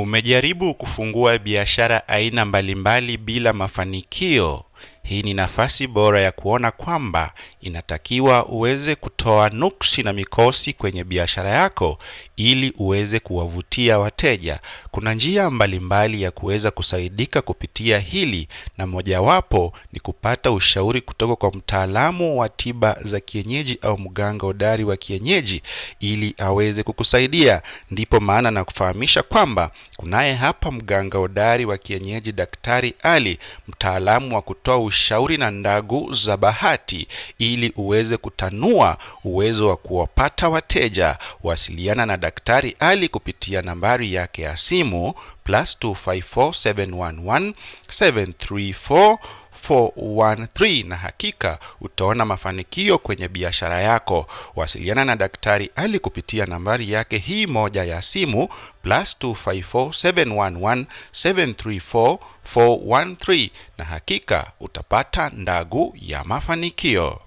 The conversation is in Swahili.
Umejaribu kufungua biashara aina mbalimbali bila mafanikio. Hii ni nafasi bora ya kuona kwamba inatakiwa uweze kutoa nuksi na mikosi kwenye biashara yako ili uweze kuwavutia wateja. Kuna njia mbalimbali mbali ya kuweza kusaidika kupitia hili na mojawapo ni kupata ushauri kutoka kwa mtaalamu wa tiba za kienyeji au mganga hodari wa kienyeji ili aweze kukusaidia. Ndipo maana nakufahamisha kwamba kunaye hapa mganga hodari wa kienyeji Daktari Ali, mtaalamu wa kutoa ushauri na ndagu za bahati ili uweze kutanua uwezo wa kuwapata wateja. Wasiliana na Daktari Ali kupitia nambari yake ya simu 254711734 413 na hakika utaona mafanikio kwenye biashara yako. Wasiliana na Daktari Ali kupitia nambari yake hii moja ya simu plus 254 na hakika utapata ndagu ya mafanikio.